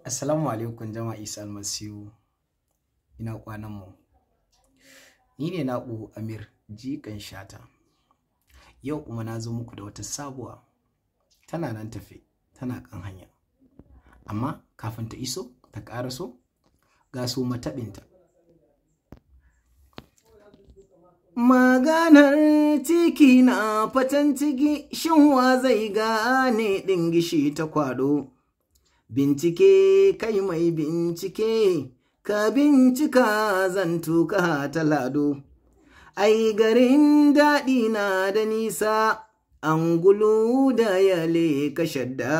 Assalamu alaikum jama'a Isa Almasihu ina kwanan mu ni ne naku Amir jikan shata yau kuma na zo muku da wata sabuwa tana nan tafe tana kan hanya amma kafin ta iso ta karaso ga su matabinta Maganar tiki na fatan ciki shin wa zai gane ɗin gishi ta kwado Bincike kai mai bincike, ka bincika zan tuka ta lado. Ai garin daɗi na da nisa, angulu da yale ka shadda.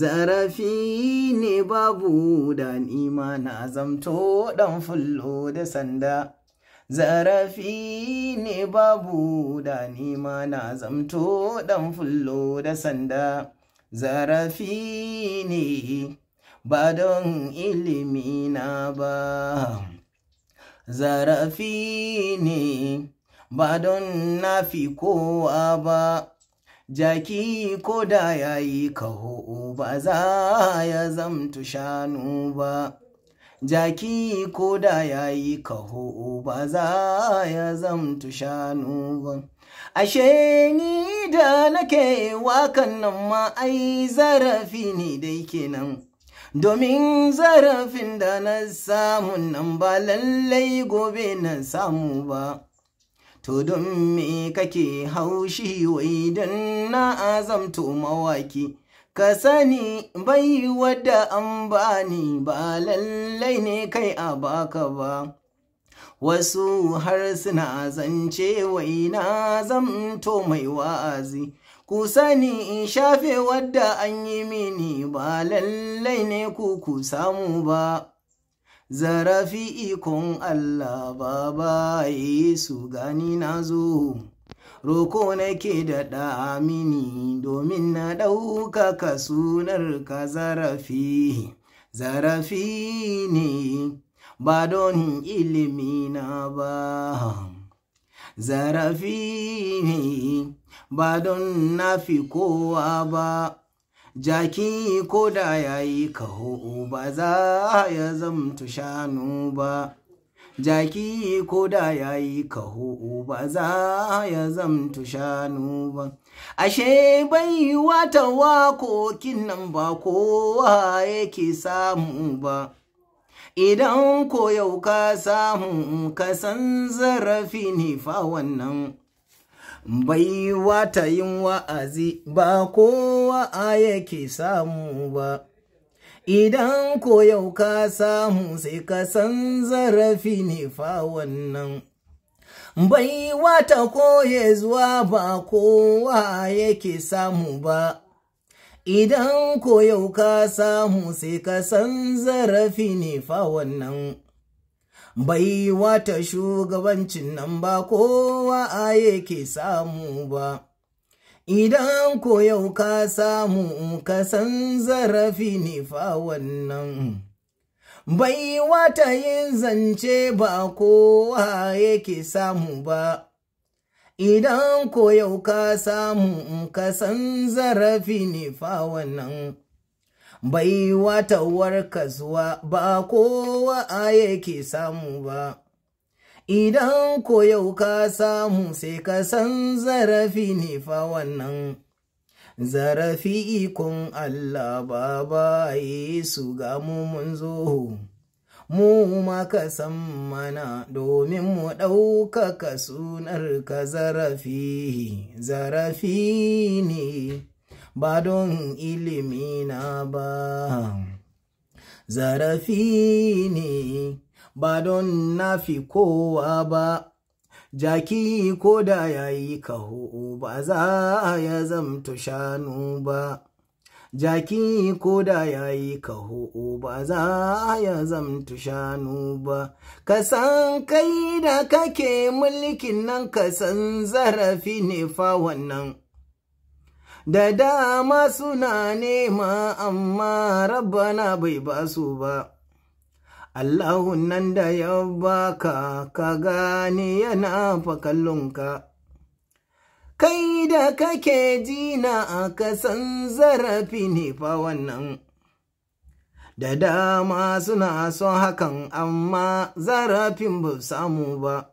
Zarafi ne babu da nima na zamto ɗan fullo da sanda. Zarafi ne babu da nima na zamto ɗan fullo da sanda. zarafi ne ba don ilimina ba zarafi ne ba don na fi kowa ba jaki ko da ya yi kaho ba za ya zamtu shanu ba jaki ko da ya yi kaho ba za ya zamtu shanu ba ashe ni da nake wakan nan ma ai zarafi ne dai kenan domin zarafin da na samu nan ba lallai gobe na samu ba to don me kake haushi wai don na azamto mawaki ka sani bai wadda an bani ba lallai ne kai a baka ba wasu har suna zance waina zamto mai wa'azi ku sani shafe wadda an yi mini ba lallai ne ku ku samu ba zarafi ikon Allah ba baba Yesu gani na zo roko nake da ɗamini domin na ɗaukaka sunar ka zarafi zarafi ne ba don na ba zarafi ba don na fi kowa ba jaki ko da ya yi kaho ba za ya zamtu shanu ba jaki ko da ya yi kaho ba za ya zamtu shanu ba ashe bai wata wakokin nan ba kowa yake samu ba idan ko yau ka samu ka san zarafi ne fa wannan bai wata yin wa'azi ba kowa a yake samu ba idan ko yau ka samu sai ka san zarafi ne fa wannan bai wata koye zuwa ba kowa yake samu ba idan ko yau ka samu sai ka san zarafi ne fa wannan bai wata shugabancin nan ba kowa a yake samu ba idan ko yau ka samu ka san zarafi ne fa wannan bai wata yin zance ba kowa yake samu ba idan ko yau ka samu ka san zarafi ne fa wannan bai watawar kasuwa ba kowa a yake samu ba idan ko yau ka samu sai ka san zarafi ne fa wannan zarafi ikon Allah ba ba su gamu mun zo mu ma kasan san mana domin mu ɗaukaka sunar ka zarafi zarafi ne ba don ilimi na ba zarafi ne ba don na fi kowa ba jaki ko da ya yi kaho ba za a ya zamto shanu ba jaki ko da ya yi kaho ba za ya zamtu shanu ba ka san kai da kake mulkin nan ka san zarafi ne fa wannan da dama suna nema amma rabana bai basu ba Allahun nan da ya baka ka gane yana fa kallonka kai da kake jina a kasan zarafi ne fa wannan da dama suna son hakan amma zarafin ba samu ba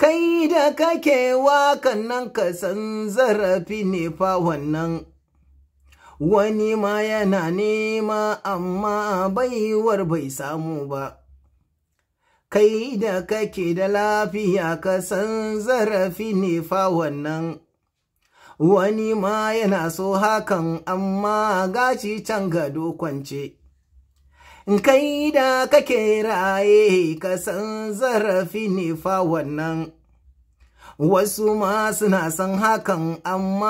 kai da kake wakan nan kasan zarafi ne fa wannan wani ma yana nema amma baiwar bai samu ba kai da kake da lafiya ka san zarafi ne fa wannan wani ma yana so hakan amma gashi can gado kwance kai da kake raye ka san zarafi ne fa wannan wasu ma suna san hakan amma